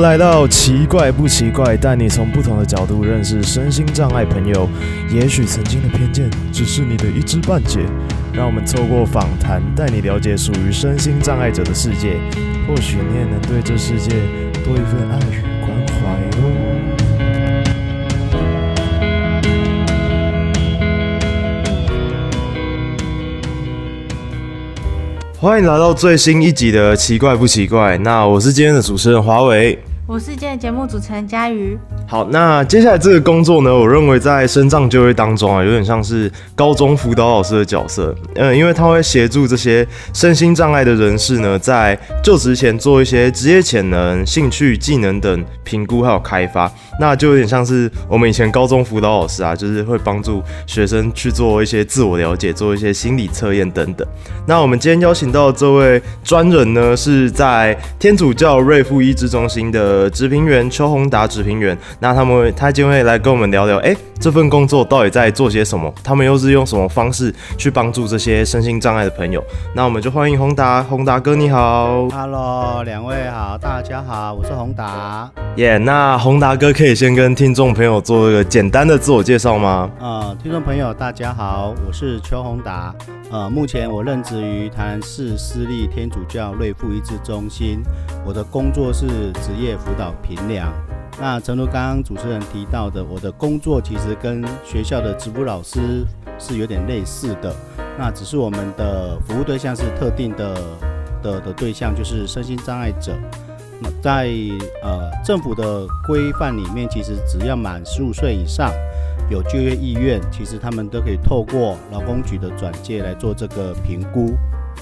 來到奇怪不歧怪，帶你從不同的角度認識身心障礙朋友。也許曾經的偏見只是你的一知半解。讓我們透過訪談，帶你了解屬於身心障礙者的世界。或許你也能對這世界多一份愛與。歡迎來到最新一集的《奇怪不奇怪》。那我是今天的主持人華為，我是今天的節目主持人佳瑜。好，那接下來這個工作呢，我認為在身障就業當中啊，有點像是高中輔導老師的角色。嗯，因為他會協助這些身心障礙的人士呢，在就職前做一些職業潛能、興趣、技能等評估還有開發，那就有點像是我們以前高中輔導老師啊，就是會幫助學生去做一些自我了解、做一些心理測驗等等。那我們今天邀請到的這位專人呢，是在天主教瑞復益智中心的職評員邱宏達職評員。那他們他今天會來跟我們聊聊，哎、欸，這份工作到底在做些什麼？他們又是用什麼方式去幫助這些身心障礙的朋友？那我們就歡迎宏達，宏達哥你好，Hello，兩位好，大家好，我是宏達。耶，yeah, 那宏達哥可以先跟聽眾朋友做一個簡單的自我介紹嗎？呃，聽眾朋友大家好，我是邱宏達。呃，目前我任職於臺南市私立天主教瑞復益智中心，我的工作是職業輔導評量。那誠如剛剛主持人提到的，我的工作其實跟學校的職輔老師是有點類似的，那只是我們的服務對象是特定的的的對象，就是身心障礙者。那在呃政府的規範裡面，其實只要滿十五歲以上，有就業意願，其實他們都可以透過勞工局的轉介來做這個評估。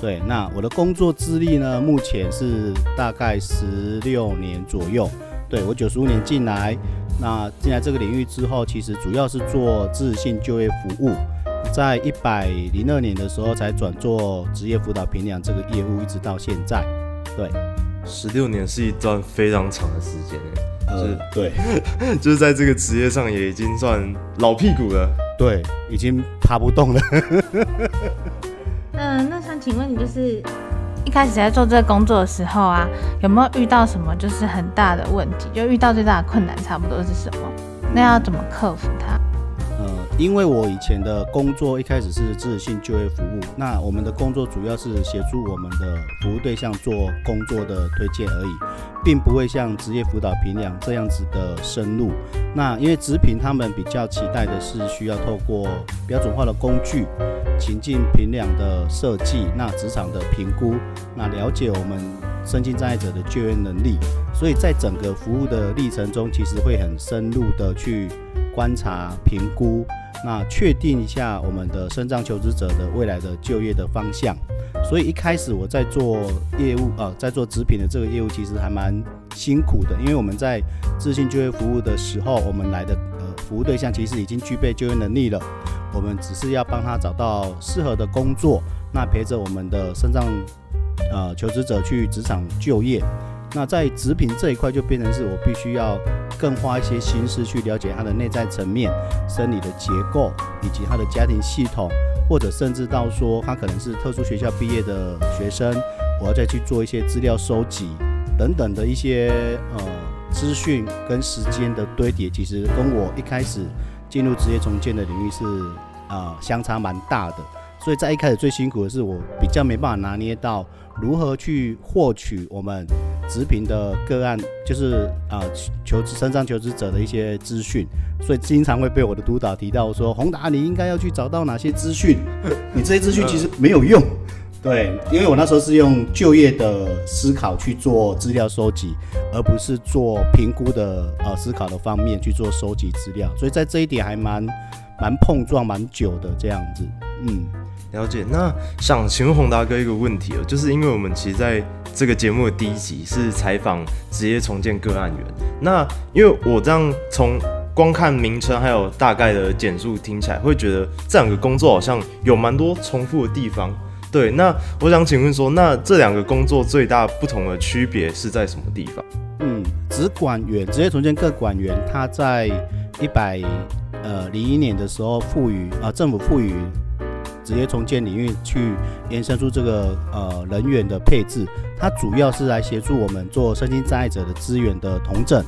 對，那我的工作資歷呢，目前是大概十六年左右。對，我九十五年進來，那進來這個領域之後，其實主要是做自信就業服務，在一百零二年的時候才轉做職業輔導評量這個業務，一直到現在。對，十六年是一段非常長的時間嘞。呃就是、對，就是在這個職業上也已經算老屁股了。對，已經爬不動了。嗯、 呃，那想請問你就是。一開始在做這個工作的時候啊，有沒有遇到什麼就是很大的問題？就遇到最大的困難，差不多是什麼？那要怎麼克服它？因為我以前的工作一開始是支持性就業服務，那我們的工作主要是協助我們的服務對象做工作的推薦而已，並不會像職業輔導評量這樣子的深入。那因為職評他們比較期待的是需要透過標準化的工具、情境評量的設計，那職場的評估，那了解我們身心障礙者的就業能力，所以在整個服務的歷程中，其實會很深入的去。觀察、評估，那確定一下我們的身障求職者的未來的就業的方向。所以一開始我在做業務啊、呃，在做職評的這個業務，其實還蠻辛苦的。因為我們在自信就業服務的時候，我們來的呃服務對象其實已經具備就業能力了，我們只是要幫他找到適合的工作，那陪着我們的身障呃求職者去職場就業。那在職評這一塊，就變成是我必須要更花一些心思去了解他的內在層面、生理的結構，以及他的家庭系統，或者甚至到說他可能是特殊學校畢業的學生，我要再去做一些資料收集等等的一些呃資訊跟時間的堆疊，其實跟我一開始進入職業重建的領域是啊、呃、相差蠻大的。所以在一開始最辛苦的是我比較沒辦法拿捏到，如何去獲取我們職評的個案，就是啊、呃、求職身上求職者的一些資訊，所以經常會被我的督導提到說：“宏達，你應該要去找到哪些資訊？你這些資訊其實沒有用。”對，因為我那時候是用就業的思考去做資料收集，而不是做評估的呃思考的方面去做收集資料，所以在這一點還蠻蠻碰撞蠻久的這樣子，嗯。了解，那想請問宏達哥一個問題哦，就是因為我們其實在這個節目的第一集是採訪職業重建個案員，那因為我這樣從光看名稱還有大概的簡述聽起來，會覺得這兩個工作好像有蠻多重复的地方。對，那我想請問說，那這兩個工作最大不同的區別是在什麼地方？嗯，職管員、職業重建個管員，他在一百呃零一年的時候賦予啊、呃、政府賦予。直接重建領域去延伸出這個呃人員的配置，它主要是來協助我們做身心障礙者的資源的統整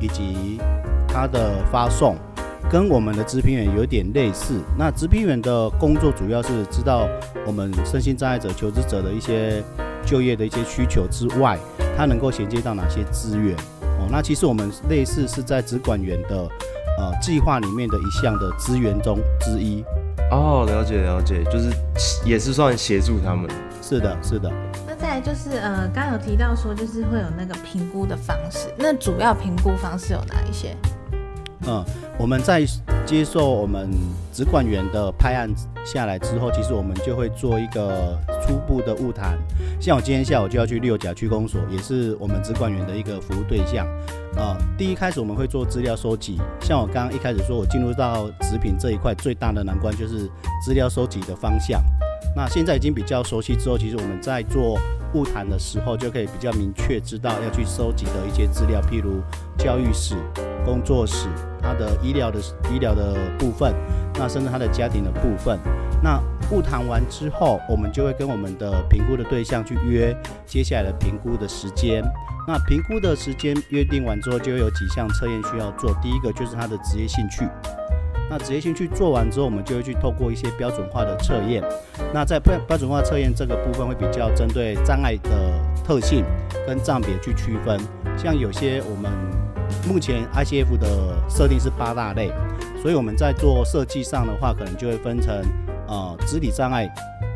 以及它的發送，跟我們的職評員有點類似。那職評員的工作主要是知道我們身心障礙者求職者的一些就業的一些需求之外，它能夠銜接到哪些資源哦。那其實我們類似是在職管員的呃計劃裡面的一項的資源中之一。哦，了解了解，就是也是算協助他們，是的，是的。那再來就是呃，剛有提到說就是會有那個評估的方式，那主要評估方式有哪一些？嗯，我們在接受我們職管員的派案下來之後，其實我們就會做一個初步的晤談。像我今天下午就要去六甲區公所，也是我們職管員的一個服務對象。啊、哦，第一開始我們會做資料收集，像我剛剛一開始說，我進入到職評這一塊最大的難關就是資料收集的方向。那現在已經比較熟悉之後，其實我們在做晤談的時候，就可以比較明確知道要去收集的一些資料，譬如教育史、工作史、他的醫療的醫療的部分，那甚至他的家庭的部分。那晤談完之後，我們就會跟我們的評估的對象去約接下來的評估的時間。那評估的時間約定完之後，就會有幾項測驗需要做。第一個就是他的職業興趣。那職業興趣做完之後，我們就會去透過一些標準化的測驗。那在標標準化測驗這個部分，會比較針對障礙的特性跟佔比去區分。像有些我們目前 ICF 的設定是八大類，所以我們在做設計上的話，可能就會分成呃肢體障礙、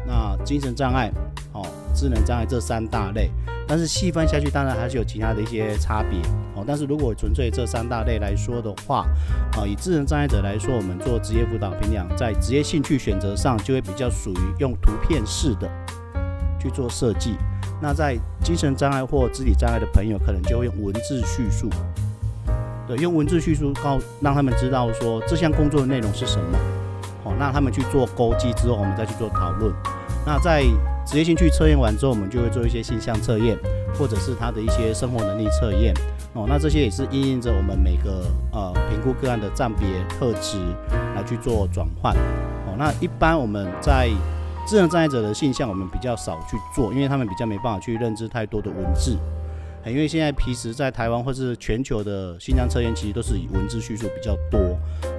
那、呃、精神障礙、好、哦、智能障礙這三大類。但是細分下去，當然還是有其他的一些差別哦。但是如果純粹這三大類來說的話，啊，以智能障礙者來說，我們做職業輔導評量，在職業興趣選擇上就會比較屬於用圖片式的去做設計。那在精神障礙或肢體障礙的朋友，可能就會用文字敘述，對，用文字敘述告讓他們知道說這項工作的內容是什麼，好，那他們去做勾稽之後，我們再去做討論。那在職業興趣測驗完之後，我們就會做一些性向測驗，或者是他的一些生活能力測驗哦。那這些也是因應着我們每個呃評估個案的障別特質來去做轉換哦。那一般我們在智能障礙者的性向，我們比較少去做，因為他們比較沒辦法去認知太多的文字。嗯，因為現在平時在台灣或是全球的性向測驗，其實都是以文字敘述比較多，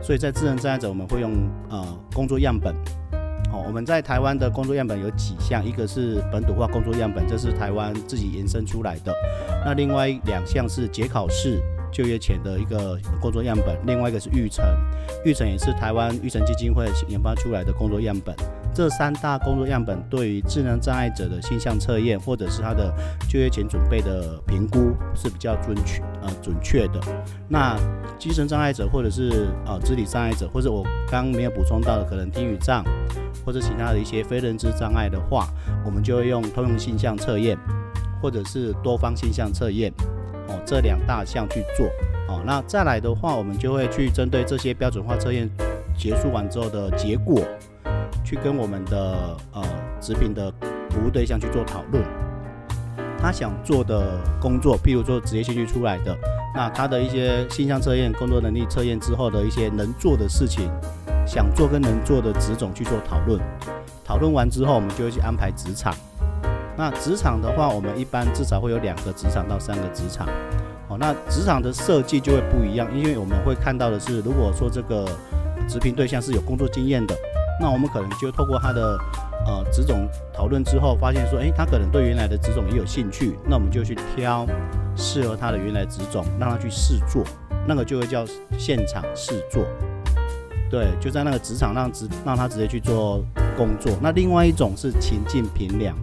所以在智能障礙者，我們會用呃工作樣本。哦，我們在台灣的工作樣本有幾項，一個是本土化工作樣本，這是台灣自己延伸出來的；那另外兩項是傑考氏就業前的一個工作樣本，另外一個是育成，育成也是台灣育成基金會研發出來的工作樣本。這三大工作樣本對於智能障礙者的性向測驗，或者是他的就業前準備的評估是比較準確、呃準確的。那精神障礙者或者是呃肢體障礙者，或者我剛沒有補充到的可能聽語障或者其他的一些非認知障礙的話，我們就會用通用性向測驗或者是多方性向測驗哦，這兩大項去做哦。那再來的話，我們就會去針對這些標準化測驗結束完之後的結果。去跟我們的呃職評的服務對象去做討論，他想做的工作，譬如說職業興趣出來的，那他的一些性向測驗、工作能力測驗之後的一些能做的事情，想做跟能做的職種去做討論。討論完之後，我們就會去安排職場。那職場的話，我們一般至少會有兩個職場到三個職場。哦，那職場的設計就會不一樣，因為我們會看到的是，如果說這個職評對象是有工作經驗的。那我們可能就透過他的呃職種討論之後，發現說，誒他可能對原來的職種也有興趣，那我們就去挑適合他的原來職種，讓他去試做，那個就會叫現場試做，對，就在那個職場讓職讓他直接去做工作。那另外一種是情境評量，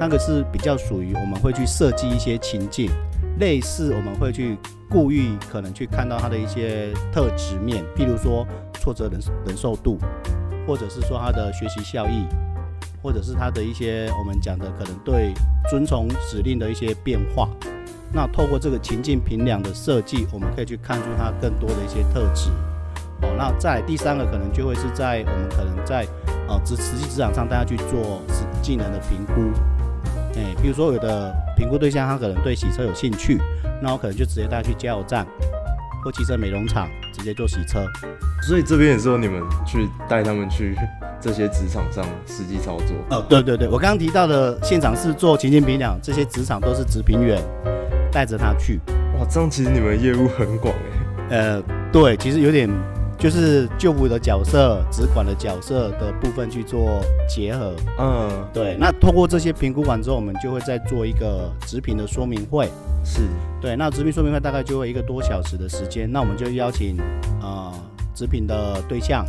那個是比較屬於我們會去設計一些情境，類似我們會去故意可能去看到他的一些特質面，譬如說挫折忍忍受度。或者是說他的學習效益，或者是他的一些我們講的可能對遵從指令的一些變化，那透過這個情境評量的設計，我們可以去看出他更多的一些特質。哦，那在第三個可能就會是在我們可能在呃職實際職場上，大家去做技能的評估。哎，比如說有的評估對象他可能對洗車有興趣，那我可能就直接帶他去加油站或汽車美容廠。直接做洗車，所以這邊也是說你們去帶他們去這些職場上實際操作。哦，對對對，我剛剛提到的現場是做琴琴平鳥，這些職場都是職評員帶着他去。哇，這樣其實你們業務很廣哎、欸。呃，對，其實有點。就是就服的角色、職管的角色的部分去做結合。嗯，對。那通過這些評估完之後，我們就會再做一個職評的說明會。是，對。那職評說明會大概就會一個多小時的時間。那我們就邀請啊職評的對象、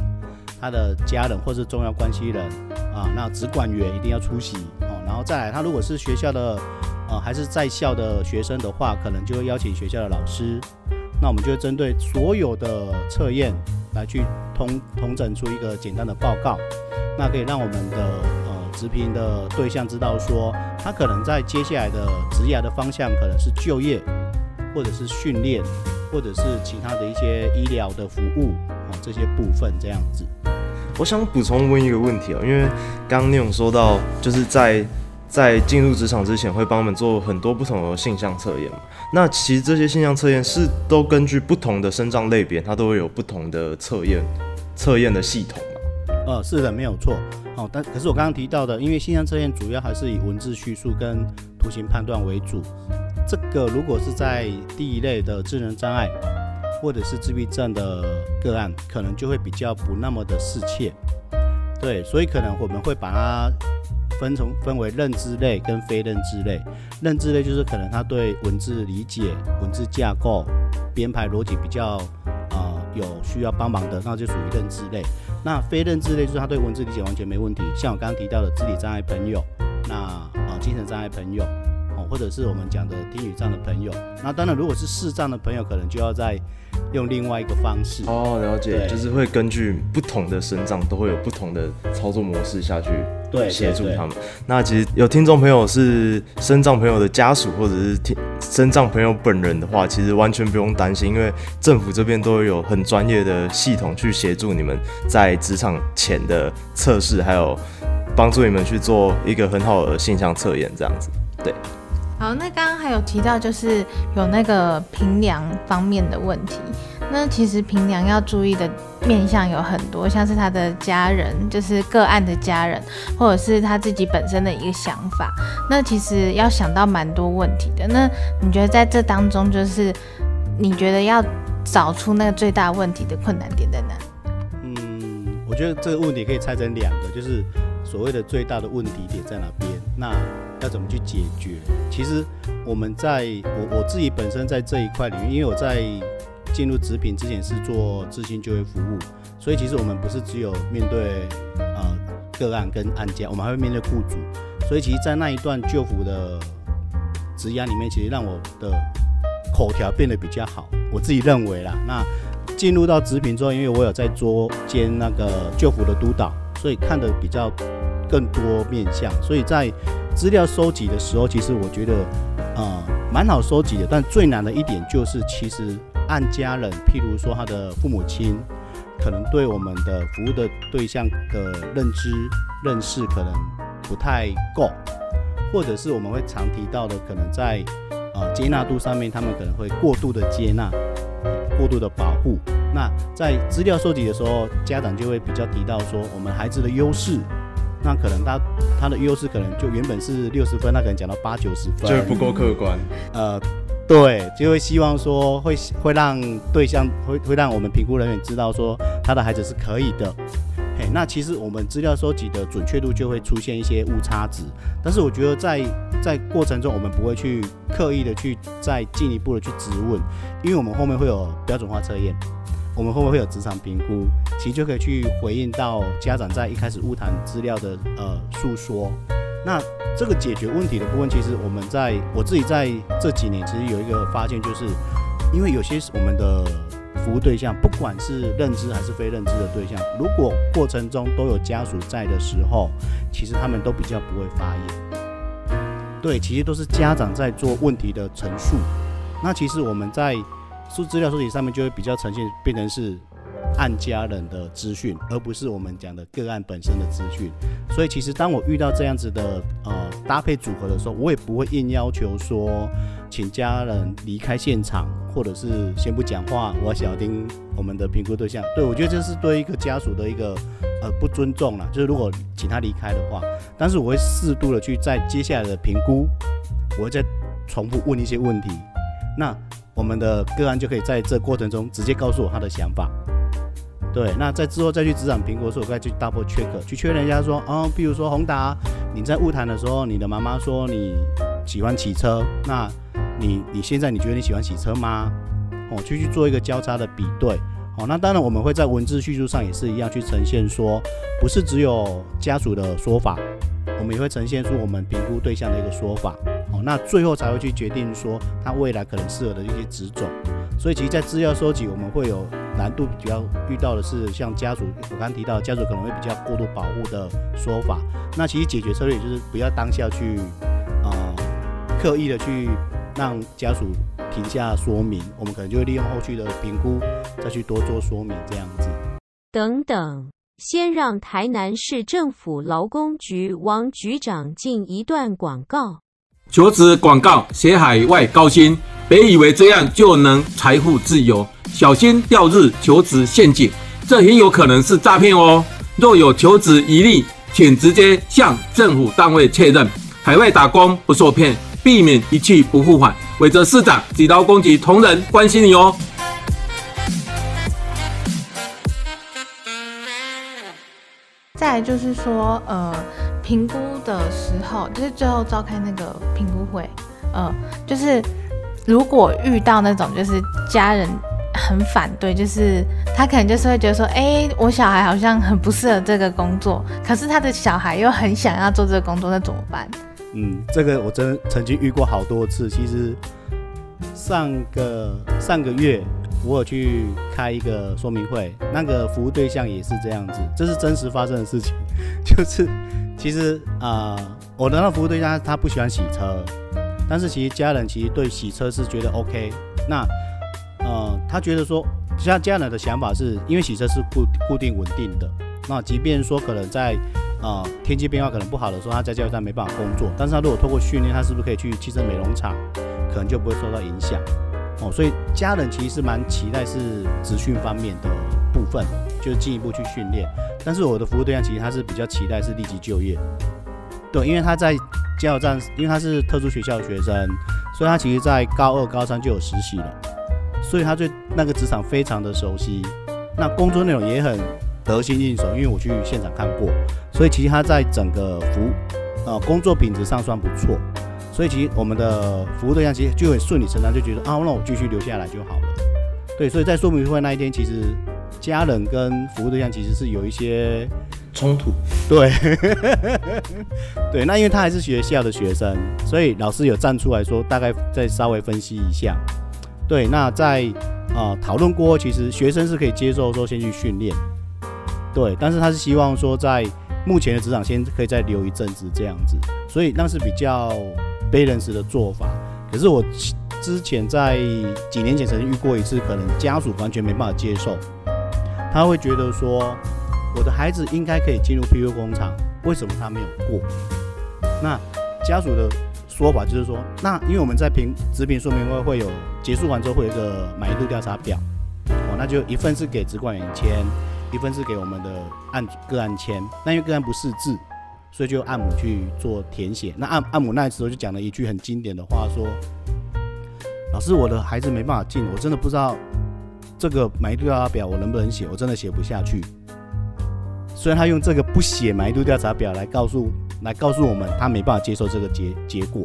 他的家人或是重要關係人啊、呃，那職管員一定要出席哦、呃。然後再來，他如果是學校的呃還是在校的學生的話，可能就會邀請學校的老師。那我們就會針對所有的測驗。來去通通整出一個簡單的報告，那可以讓我們的呃職評的對象知道說，他可能在接下來的職業的方向可能是就業，或者是訓練，或者是其他的一些醫療的服務啊、呃、這些部分這樣子。我想補充問一個問題啊，因為剛剛那種說到就是在。在進入職場之前，會幫我們做很多不同的性向測驗嘛？那其實這些性向測驗是都根據不同的身障類別，它都會有不同的測驗測驗的系統嘛？呃，是的，沒有錯。好，哦，但可是我剛剛提到的，因為性向測驗主要還是以文字敘述跟圖形判斷為主，這個如果是在第一類的智能障礙或者是自閉症的個案，可能就會比較不那麼的適切。對，所以可能我們會把它。分成分為認知類跟非認知類，認知類就是可能他對文字理解、文字架構、編排邏輯比較啊、呃、有需要幫忙的，那就屬於認知類。那非認知類就是他對文字理解完全沒問題，像我剛剛提到的智力障礙朋友，那啊、呃、精神障礙朋友，哦、呃、或者是我們講的聽語障的朋友。那當然如果是視障的朋友，可能就要在。用另外一個方式哦，了解，對就是會根據不同的身障都會有不同的操作模式下去對協助他們。那其實有聽眾朋友是身障朋友的家屬，或者是聽身障朋友本人的話，其實完全不用擔心，因為政府這邊都有很專業的系統去協助你們在職場前的測試，還有幫助你們去做一個很好的性向測驗，這樣子對。好，那剛剛還有提到，就是有那個評量方面的問題。那其實評量要注意的面向有很多，像是他的家人，就是個案的家人，或者是他自己本身的一個想法。那其實要想到蠻多問題的。那你覺得在這當中，就是你覺得要找出那個最大問題的困難點在哪？嗯，我覺得這個問題可以拆成兩個，就是所謂的最大的問題點在哪邊？那。要怎麼去解決？其實我們在我我自己本身在這一塊裡面，因為我在進入職評之前是做資金就業服務，所以其實我們不是只有面對呃個案跟案件，我們還會面對雇主。所以其實，在那一段就服的職涯裡面，其實讓我的口條變得比較好。我自己認為啦，那進入到職評之後，因為我有在做兼那個就服的督導，所以看得比較更多面向。所以在資料收集的時候，其實我覺得，呃、嗯，蠻好收集的。但最難的一點就是，其實案家人，譬如說他的父母親，可能對我們的服務的對象的認知、認識可能不太夠，或者是我們會常提到的，可能在呃接納度上面，他們可能會過度的接納、過度的保護。那在資料收集的時候，家長就會比較提到說，我們孩子的優勢。那可能他他的優勢可能就原本是六十分，那可能講到八九十分，就是不夠客觀，嗯。呃，對，就會希望說會會讓對象會會讓我們評估人員知道說他的孩子是可以的。嘿，那其實我們資料收集的準確度就會出現一些誤差值，但是我覺得在在過程中我們不會去刻意的去再進一步的去質問，因為我們後面會有標準化測驗。我們會不會有職場評估？其實就可以去回應到家長在一開始晤談資料的呃訴說。那這個解決問題的部分，其實我們在我自己在這幾年，其實有一個發現，就是因為有些我們的服務對象，不管是認知還是非認知的對象，如果過程中都有家屬在的時候，其實他們都比較不會發言。對，其實都是家長在做問題的陳述。那其實我們在。數資料收集上面就會比較呈現，變成是案家人的資訊，而不是我們講的個案本身的資訊。所以其實當我遇到這樣子的呃搭配組合的時候，我也不會硬要求說請家人離開現場，或者是先不講話。我想要聽我們的評估對象，對，我覺得這是對一個家屬的一個呃不尊重了。就是如果請他離開的話，但是我會適度的去在接下來的評估，我會再重複問一些問題。那。我們的個案就可以在這過程中直接告訴我他的想法，對，那在之後再去職場評估的時候，我再去 double check，去確認一下說，哦，比如說宏達，你在晤談的時候，你的媽媽說你喜歡騎車，那你你現在你覺得你喜歡騎車嗎？哦，去去做一個交叉的比對，哦，那當然我們會在文字敘述上也是一樣去呈現說，不是只有家屬的說法，我們也會呈現出我們評估對象的一個說法。那最後才會去決定說他未來可能適合的一些職種，所以其實，在資料收集，我們會有難度比較遇到的是像家屬，我剛提到家屬可能會比較過度保護的說法。那其實解決策略就是不要當下去，啊，刻意的去讓家屬停下說明，我們可能就會利用後續的評估再去多做說明這樣子。等等，先讓台南市政府勞工局王局長進一段廣告。求職廣告寫海外高薪，別以為這樣就能財富自由，小心掉入求職陷阱，這很有可能是詐騙哦。若有求職疑慮，請直接向政府單位確認。海外打工不受騙，避免一去不復返。偉哲市長，幾刀攻擊同仁，關心你哦。再來就是說，呃。評估的時候，就是最後召開那個評估會，呃，就是如果遇到那種就是家人很反對，就是他可能就是會覺得說，哎、欸，我小孩好像很不適合這個工作，可是他的小孩又很想要做這個工作，那怎麼辦？嗯，這個我真的曾經遇過好多次。其實上個上個月我有去開一個說明會，那個服務對象也是這樣子，這是真實發生的事情，就是。其實啊、呃，我的那服務對象他，他不喜歡洗車，但是其實家人其實對洗車是覺得 OK。那，呃，他覺得說，像家人的想法是，因為洗車是固固定穩定的。那即便說可能在啊、呃、天氣變化可能不好的時候，他在加油站沒辦法工作，但是他如果通過訓練，他是不是可以去汽車美容廠，可能就不會受到影響哦。所以家人其實是蠻期待是職訓方面的、哦。部分就進一步去訓練，但是我的服務對象其實他是比較期待是立即就業，對，因為他在加油站，因為他是特殊學校的學生，所以他其實在高二、高三就有實習了，所以他對那個職場非常的熟悉，那工作內容也很得心應手，因為我去現場看過，所以其實他在整個服務呃工作品質上算不錯，所以其實我們的服務對象其實就很順理成章就覺得哦，啊，那我繼續留下來就好了，對，所以在說明會那一天其實。家人跟服務對象其實是有一些衝衝突，對 對，那因為他還是學校的學生，所以老師有站出來說，大概再稍微分析一下，對，那在啊討論過後，其實學生是可以接受說先去訓練，對，但是他是希望說在目前的職場先可以再留一陣子這樣子，所以那是比較 balance 的做法。可是我之前在幾年前曾經遇過一次，可能家屬完全沒辦法接受。他會覺得說，我的孩子應該可以進入 PU 工廠，為什麼他沒有過？那家屬的說法就是說，那因為我們在評職評說明會會有結束完之後會有一個滿意度調查表，哦，那就一份是給職管員簽，一份是給我們的案個案簽。但因為個案不識字，所以就按母去做填寫。那按按母那的時候就講了一句很經典的話說：“老師，我的孩子沒辦法進，我真的不知道。”這個滿意度調查表，我能不能寫？我真的寫不下去。所以他用這個不寫滿意度調查表來告訴來告訴我們，他沒辦法接受這個結結果。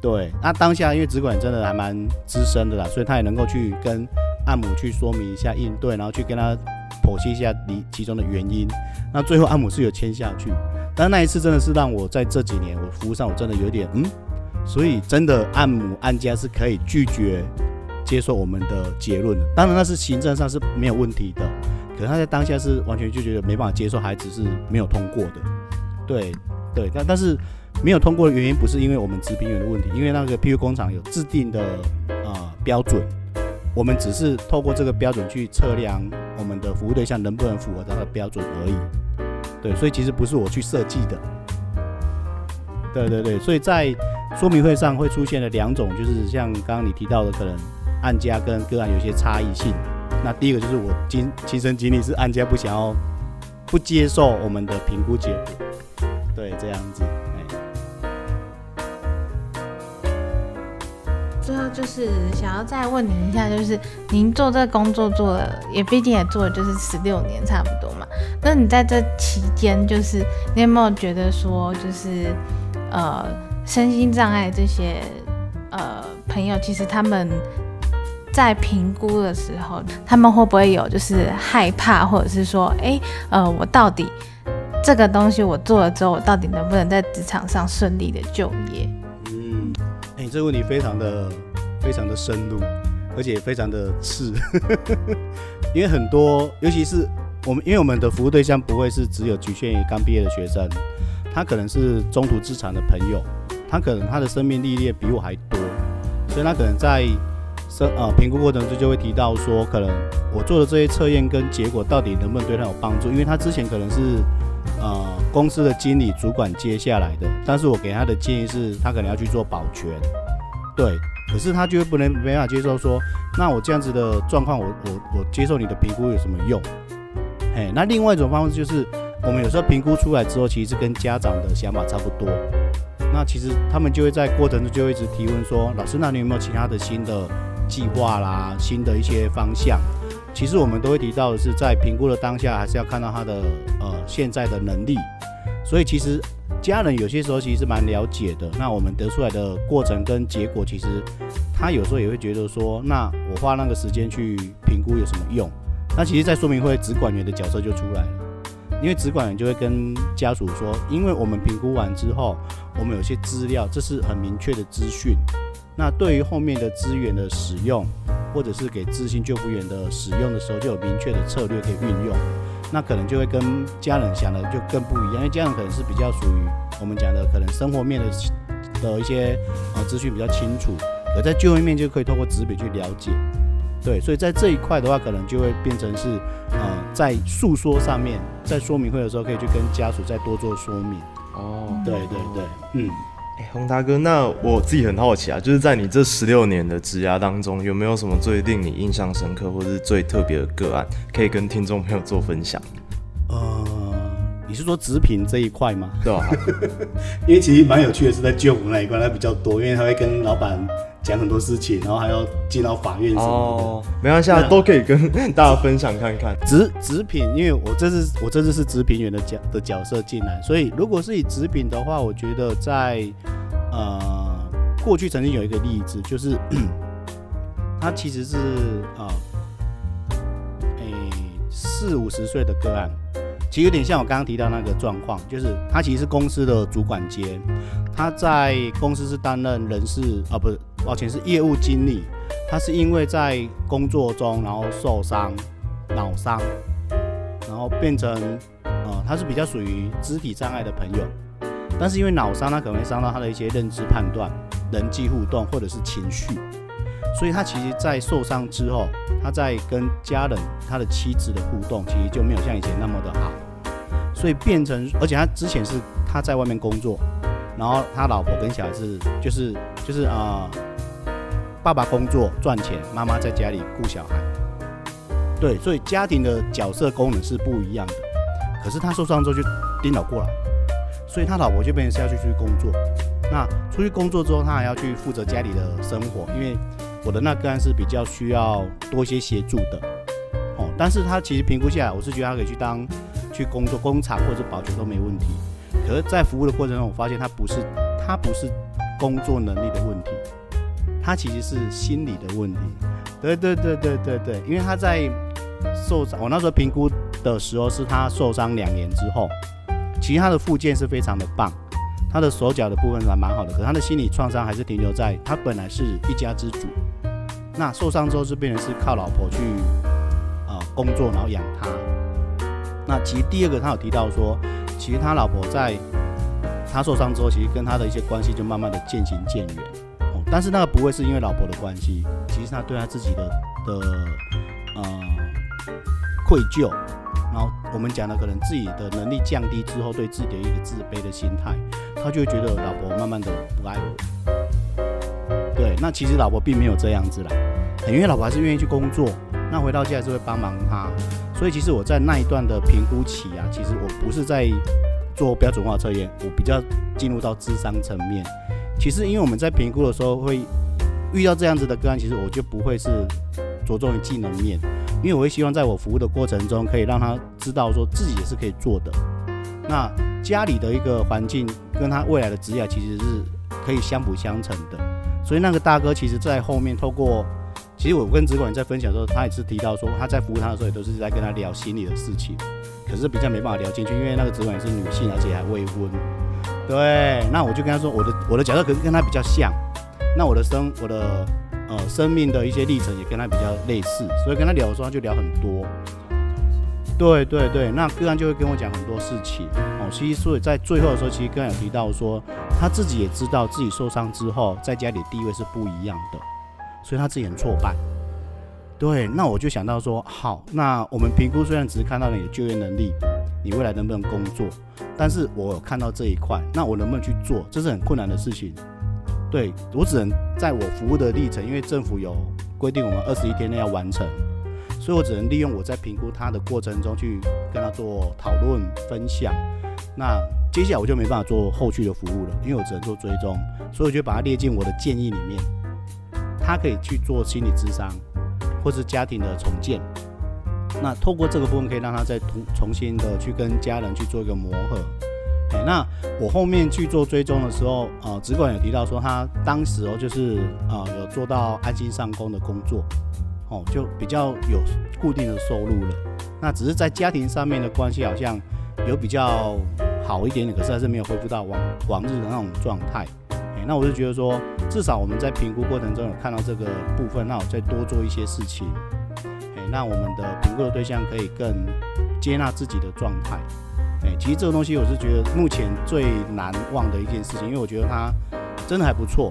對，那當下因為主管真的還蠻資深的啦，所以他也能夠去跟案母去說明一下應對，然後去跟他剖析一下其中的原因。那最後案母是有簽下去，但那一次真的是讓我在這幾年我服務上我真的有點嗯，所以真的案母案家是可以拒絕接受我們的結論，當然那是行政上是沒有問題的，可能他在當下是完全就覺得沒辦法接受孩子是沒有通過的，對對，但但是沒有通過的原因不是因為我們職評員的問題，因為那個 PU 工廠有制定的、呃、標準，我們只是透過這個標準去測量我們的服務對象能不能符合他的，的標準而已，對，所以其實不是我去設計的，對對對，所以在說明會上會出現的兩種，就是像剛剛你提到的可能。案家跟個案有些差異性，那第一個就是我今親身經歷是案家不想要，不接受我們的評估結果，對這樣子。哎，最後就是想要再問您一下，就是您做這個工作做了，也畢竟也做了就是十六年差不多嘛，那你在這期間就是你有沒有覺得說就是呃身心障礙這些呃朋友，其實他們。在評估的時候，他們會不會有就是害怕，或者是說，哎、欸，呃，我到底這個東西我做了之後，我到底能不能在職場上順利的就業？嗯，哎、欸，這個問題非常的非常的深入，而且非常的刺， 因為很多，尤其是我們，因為我們的服務對象不會是只有局限於剛畢業的學生，他可能是中途職場的朋友，他可能他的生命歷練比我還多，所以他可能在。呃評估過程中就會提到說，可能我做的這些測驗跟結果到底能不能對他有幫助？因為他之前可能是呃公司的經理主管接下來的，但是我給他的建議是，他可能要去做保全，對，可是他就會不能沒法接受說，那我這樣子的狀況，我我我接受你的評估有什麼用？哎，那另外一種方式就是，我們有時候評估出來之後，其實是跟家長的想法差不多，那其實他們就會在過程中就一直提問說，老師，那你有沒有其他的新的？計劃啦，新的一些方向，其實我們都會提到的是，在評估的當下，還是要看到他的呃現在的能力。所以其實家人有些時候其實是蠻了解的。那我們得出來的過程跟結果，其實他有時候也會覺得說，那我花那個時間去評估有什麼用？那其實，在說明會，職管員的角色就出來了，因為職管員就會跟家屬說，因為我們評估完之後，我們有些資料，這是很明確的資訊。那對於後面的資源的使用，或者是給資訊救護員的使用的時候，就有明確的策略可以運用。那可能就會跟家人想的就更不一樣，因為家人可能是比較屬於我們講的可能生活面的的一些啊資訊比較清楚，而在救援面就可以透過紙筆去了解。對，所以在這一塊的話，可能就會變成是呃在訴說上面，在說明會的時候可以去跟家屬再多做說明。哦，對對對，哦、嗯。哎，宏達哥，那我自己很好奇啊，就是在你這十六年的職涯當中，有沒有什麼最令你印象深刻，或是最特別的個案，可以跟聽眾朋友做分享？呃，你是說職評這一塊嗎？對啊， 因為其實蠻有趣的是在就服那一塊，它比較多，因為他會跟老板。講很多事情，然後還要進到法院什麼的，哦、沒關係、啊，那都可以跟大家分享看看。職、職評，因為我這次我這次是職評員的角的角色進來，所以如果是以職評的話，我覺得在呃過去曾經有一個例子，就是他其實是啊、哦，誒四五十歲的個案，其實有點像我剛剛提到那個狀況，就是他其實是公司的主管階，他在公司是擔任人事啊不，不是。而且是業務經理，他是因為在工作中然後受傷，腦傷，然後變成，呃，他是比較屬於肢體障礙的朋友，但是因為腦傷，他可能會傷到他的一些認知判斷、人際互動或者是情緒，所以他其實，在受傷之後，他在跟家人、他的妻子的互動，其實就沒有像以前那麼的好，所以變成，而且他之前是他在外面工作，然後他老婆跟小孩子就是就是啊。呃爸爸工作賺錢，媽媽在家裡顧小孩。對，所以家庭的角色功能是不一樣的。可是他受傷之後就顛倒過來，所以他老婆就變成是要去去工作。那出去工作之後，他還要去負責家裡的生活，因為我的那個案是比較需要多一些協助的。哦，但是他其實評估下來，我是覺得他可以去當去工作工廠或者保潔都沒問題。可是在服務的過程中，我發現他不是他不是工作能力的問題。他其實是心理的問題，對對對對對對，因為他在受傷，我那時候評估的時候是他受傷兩年之後，其實他的復健是非常的棒，他的手腳的部分還蠻好的，可他的心理創傷還是停留在他本來是一家之主，那受傷之後是變成是靠老婆去呃工作，然後養他。那其實第二個他有提到說，其實他老婆在他受傷之後，其實跟他的一些關係就慢慢的漸行漸遠。但是那個不會是因為老婆的關係，其實他對他自己的的，的呃愧疚，然後我們講的可能自己的能力降低之後，對自己的一個自卑的心態，他就會覺得老婆慢慢的不愛我。對，那其實老婆並沒有這樣子啦，欸，因為老婆還是願意去工作，那回到家還是會幫忙他。所以其實我在那一段的評估期啊，其實我不是在做標準化測驗，我比較進入到諮商層面。其實，因為我們在評估的時候會遇到這樣子的個案，其實我就不會是着重於技能面，因為我會希望在我服務的過程中，可以讓他知道說自己也是可以做的。那家裡的一個環境跟他未來的職業其實是可以相輔相成的。所以那個大哥其實，在後面透過，其實我跟職管在分享的時候，他也是提到說，他在服務他的時候也都是在跟他聊心理的事情，可是比較沒辦法聊進去，因為那個職管也是女性，而且還未婚。對，那我就跟他說，我的我的角色可能跟他比較像，那我的生我的呃生命的一些歷程也跟他比較類似，所以跟他聊的時候他就聊很多。對對對，那個案就會跟我講很多事情哦。其實所以在最後的時候，其實剛剛有提到說，他自己也知道自己受傷之後在家裡的地位是不一樣的，所以他自己很挫敗。對，那我就想到說，好，那我們評估雖然只是看到你的就業能力，你未來能不能工作，但是我有看到這一塊，那我能不能去做，這是很困難的事情。對，我只能在我服務的歷程，因為政府有規定我們二十一天內要完成，所以我只能利用我在評估他的過程中去跟他做討論、分享。那接下來我就沒辦法做後續的服務了，因為我只能做追蹤，所以我就把它列進我的建議裡面，他可以去做心理諮商。或是家庭的重建，那透過這個部分可以讓他再重重新的去跟家人去做一個磨合。哎，那我後面去做追蹤的時候，呃，主管有提到說他當時哦，就是呃有做到安心上工的工作，哦，就比較有固定的收入了。那只是在家庭上面的關係好像有比較好一點點，可是還是沒有恢復到往往日的那種狀態。那我是覺得說，至少我們在評估過程中有看到這個部分，那我再多做一些事情，哎，讓我們的評估的對象可以更接納自己的狀態，其實這個東西我是覺得目前最難忘的一件事情，因為我覺得他真的還不錯，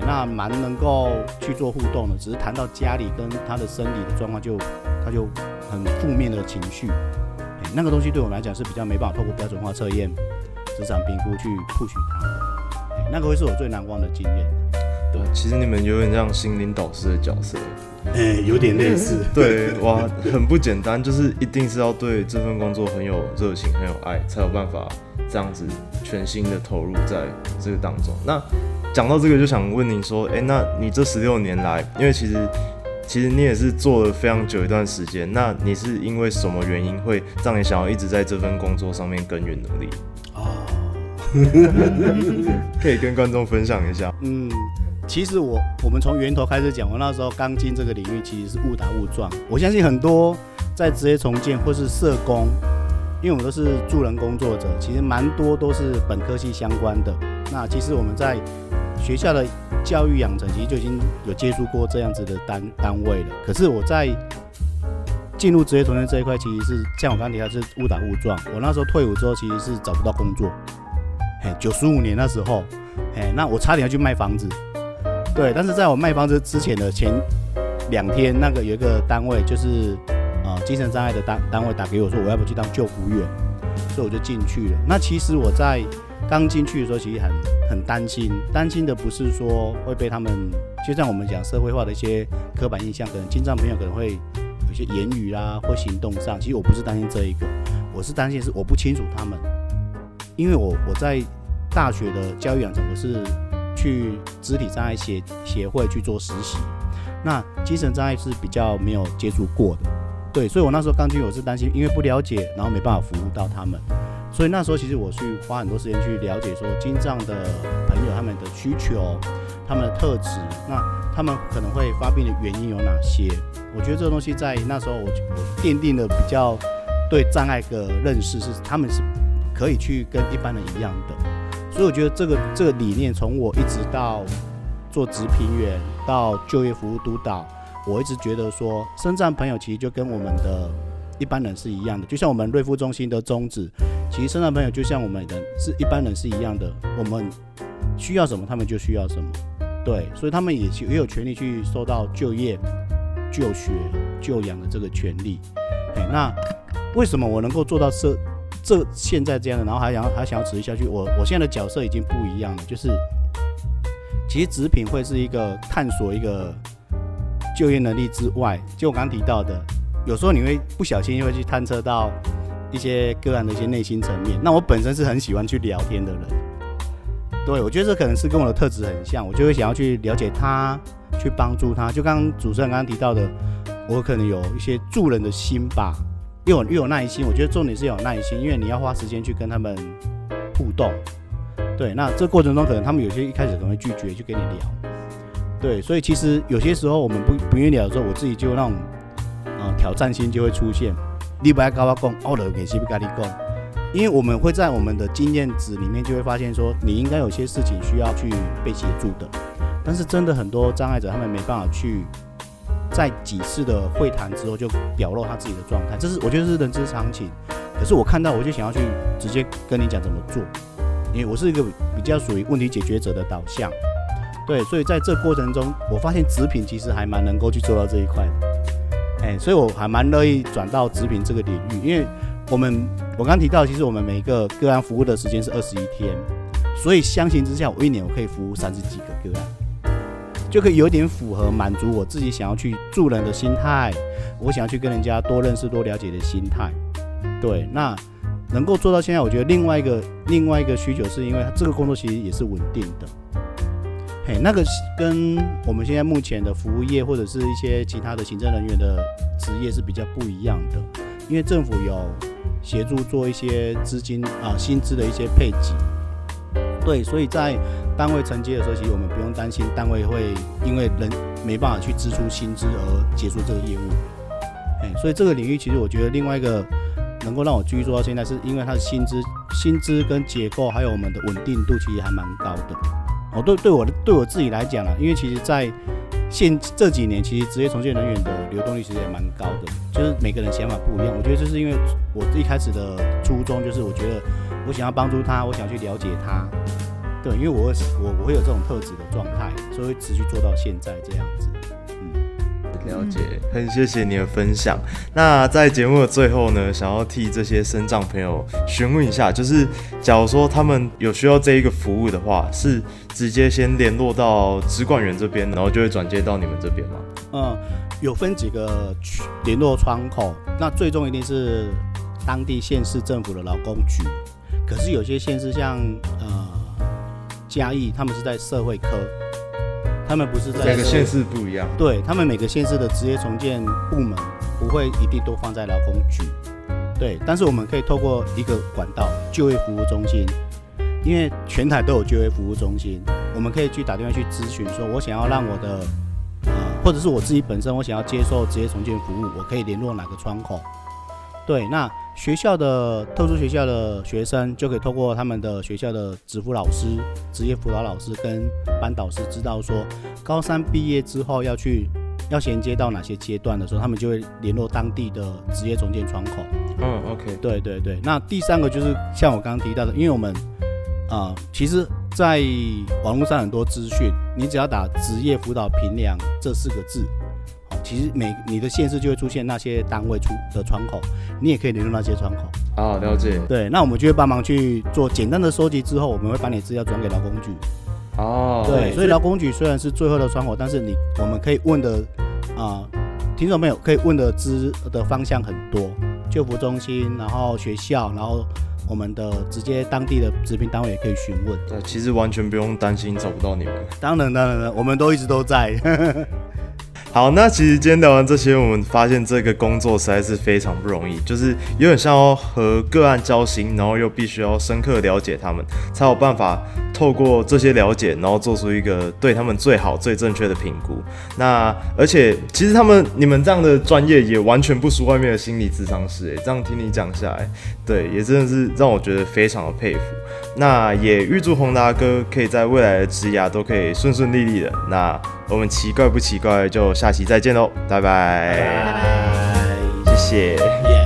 那蠻能夠去做互動的，只是談到家裡跟他的生理的狀況就，他就很負面的情緒，那個東西對我們來講是比較沒辦法透過標準化測驗、職場評估去獲取他。那個會是我最難忘的經驗。對，其實你們有點像心靈導師的角色。哎、欸，有點類似。嗯、類似對， 哇，很不簡單，就是一定是要對這份工作很有熱情、很有愛，才有辦法這樣子全心的投入在這個當中。那講到這個，就想問您說，哎、欸，那你這十六年來，因為其實其實你也是做了非常久一段時間，那你是因為什麼原因會讓你想要一直在這份工作上面耕耘努力？ 可以跟觀眾分享一下。嗯，其實我我們從源頭開始講，我那時候剛進這個領域，其實是誤打誤撞。我相信很多在職業重建或是社工，因為我們都是助人工作者，其實蠻多都是本科系相關的。那其實我們在學校的教育養成，其實就已經有接觸過這樣子的單單位了。可是我在進入職業重建這一塊，其實是像我剛提到，是誤打誤撞。我那時候退伍之後，其實是找不到工作。哎，九十五年那時候，哎，那我差點要去賣房子，對，但是在我賣房子之前的前兩天，那個有一個單位就是，呃，精神障礙的單單位打給我說，我要不去當救護員，所以我就進去了。那其實我在剛進去的時候，其實很很擔心，擔心的不是說會被他們，就像我們講社會化的一些刻板印象，可能親朋好友可能會有些言語啊或行動上，其實我不是擔心這一個，我是擔心是我不清楚他們。因為我我在大學的教育養成，我是去肢體障礙協協會去做實習，那精神障礙是比較沒有接觸過的，對，所以我那時候剛進，我是擔心，因為不了解，然後沒辦法服務到他們，所以那時候其實我去花很多時間去了解，說精障的朋友他們的需求、他們的特質，那他們可能會發病的原因有哪些？我覺得這個東西在那時候我，我奠定了比較對障礙的認識是他們是。可以去跟一般人一樣的，所以我覺得這個這個理念從我一直到做職評員到就業服務督導，我一直覺得說身障朋友其實就跟我們的一般人是一樣的，就像我們瑞復中心的宗旨，其實身障朋友就像我們人是一般人是一樣的，我們需要什麼他們就需要什麼，對，所以他們也也有權利去受到就業、就學、就養的這個權利。欸。那為什麼我能夠做到設？這現在這樣的，然後還想還想要持續下去。我我現在的角色已經不一樣了，就是其實職評會是一個探索一個就業能力之外，就我剛剛提到的，有時候你會不小心會去探測到一些個案的一些內心層面。那我本身是很喜歡去聊天的人，對，我覺得這可能是跟我的特質很像，我就會想要去了解他，去幫助他。就剛主持人剛剛提到的，我可能有一些助人的心吧。越有又有耐心，我覺得重點是要有耐心，因為你要花時間去跟他們互動。對，那這過程中可能他們有一些一開始可能會拒絕去跟你聊。對，所以其實有些時候我們不不願意聊的時候，我自己就那種、呃、挑戰心就會出現。你不要跟我講，哦、就我冷眼也不跟你講，因為我們會在我們的經驗值裡面就會發現說，你應該有些事情需要去被協助的。但是真的很多障礙者他們沒辦法去。在幾次的會談之後，就表露他自己的狀態，這是我覺得是人之常情。可是我看到，我就想要去直接跟你講怎麼做，因為我是一個比較屬於問題解決者的導向，對。所以在這過程中，我發現職評其實還蠻能夠去做到這一塊的。哎、欸，所以我還蠻樂意轉到職評這個領域，因為我們我剛剛提到的，其實我們每一個個案服務的時間是二十一天，所以相形之下，我一年我可以服務三十幾個個案。就可以有點符合滿足我自己想要去助人的心態，我想要去跟人家多認識、多了解的心態。對，那能夠做到現在，我覺得另外一個另外一個需求是因為這個工作其實也是穩定的。嘿，那個跟我們現在目前的服務業或者是一些其他的行政人員的職業是比較不一樣的，因為政府有協助做一些資金啊、薪資的一些配給。對，所以在單位承接的時候，其實我們不用擔心單位會因為人沒辦法去支出薪資而結束這個業務。哎、所以這個領域其實我覺得另外一個能夠讓我繼續做到現在，是因為它的薪資、薪資跟結構，還有我們的穩定度其實還蠻高的。我、哦、對對我對我自己來講啦，因為其實，在現這幾年其實職業重建人員的流動率其實也蠻高的，就是每個人想法不一樣。我覺得就是因為我一開始的初衷就是，我覺得我想要幫助他，我想要去了解他，對，因為我我我會有這種特質的狀態，所以會持續做到現在這樣子。了解，很謝謝你的分享。那在節目的最後呢，想要替這些身障朋友詢問一下，就是假如說他們有需要這一個服務的話，是直接先聯絡到職管員這邊，然後就會轉接到你們這邊嗎？嗯，有分幾個聯絡窗口，那最終一定是當地縣市政府的勞工局。可是有些縣市像呃嘉義，他們是在社會科。他們不是在每個縣市不一樣，對，他們每個縣市的職業重建部門不會一定都放在勞工局，對，但是我們可以透過一個管道，就業服務中心，因為全台都有就業服務中心，我們可以去打電話去諮詢，說我想要讓我的，呃，或者是我自己本身我想要接受職業重建服務，我可以聯絡哪個窗口。對，那學校的特殊學校的學生就可以透過他們的學校的職輔老師、職業輔導老師跟班導師知道說，高三畢業之後要去要銜接到哪些階段的時候，他們就會聯絡當地的職業重建窗口。嗯 OK 對對對。那第三個就是像我剛剛提到的，因為我們啊、呃，其實，在網絡上很多資訊，你只要打“職業輔導評量”這四個字。其實每你的縣市就會出現那些單位出的窗口，你也可以聯絡那些窗口。啊，了解。對，那我們就會幫忙去做簡單的收集之後，我們會把你資料轉給勞工局。哦、啊，對，對，所以勞工局雖然是最後的窗口，但是你我們可以問的啊、呃，聽眾朋友可以問的資的方向很多，就服中心，然後學校，然後我們的直接當地的職評單位也可以詢問。對，其實完全不用擔心找不到你們。當然當然了，我們都一直都在。 好，那其實今天聊完這些，我們發現這個工作實在是非常不容易，就是有點像要和個案交心，然後又必須要深刻了解他們，才有辦法透過這些了解，然後做出一個對他們最好、最正確的評估。那而且其實他們、你們這樣的專業也完全不輸外面的心理諮商師，誒，這樣聽你講下來，對，也真的是讓我覺得非常的佩服。那也預祝宏達哥可以在未來的職涯都可以順順利利的。那。我們奇怪不歧怪，就下期再見嘍，拜拜！拜拜，拜拜，謝謝。Yeah.